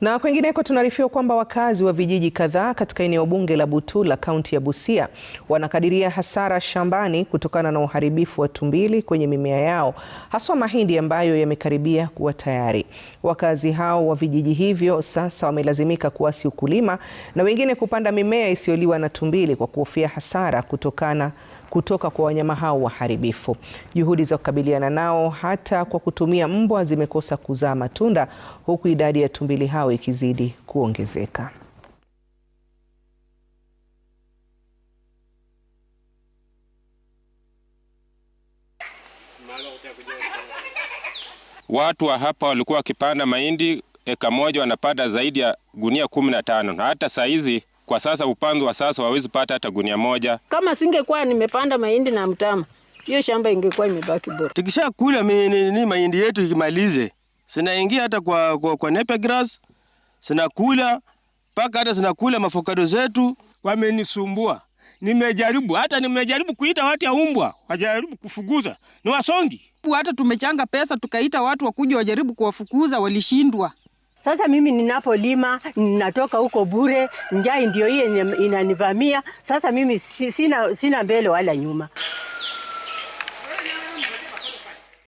Na kwengineko tunaarifiwa kwamba wakazi wa vijiji kadhaa katika eneo bunge la Butula kaunti ya Busia wanakadiria hasara shambani kutokana na uharibifu wa tumbili kwenye mimea yao haswa mahindi ambayo yamekaribia kuwa tayari. Wakazi hao wa vijiji hivyo sasa wamelazimika kuasi ukulima na wengine kupanda mimea isiyoliwa na tumbili kwa kuhofia hasara kutokana kutoka kwa wanyama hao waharibifu. Juhudi za kukabiliana nao hata kwa kutumia mbwa zimekosa kuzaa matunda huku idadi ya tumbili hao yao ikizidi kuongezeka. Watu wa hapa walikuwa wakipanda mahindi eka moja wanapata zaidi ya gunia kumi na tano na hata saa hizi kwa sasa upanzi wa sasa wawezi pata hata gunia moja. Kama singekuwa nimepanda mahindi na mtama, hiyo shamba ingekuwa imebaki bora. Tukisha kula ni mahindi yetu ikimalize, sinaingia hata kwa, kwa, kwa nepe zinakula mpaka hata zinakula mafokado zetu. Wamenisumbua, nimejaribu hata nimejaribu kuita watu ya umbwa, wajaribu kufukuza, ni wasongi. Hata tumechanga pesa tukaita watu wakuja wajaribu kuwafukuza, walishindwa. Sasa mimi ninapolima ninatoka huko bure, njaa ndio hiyo inanivamia sasa. Mimi sina, sina mbele wala nyuma.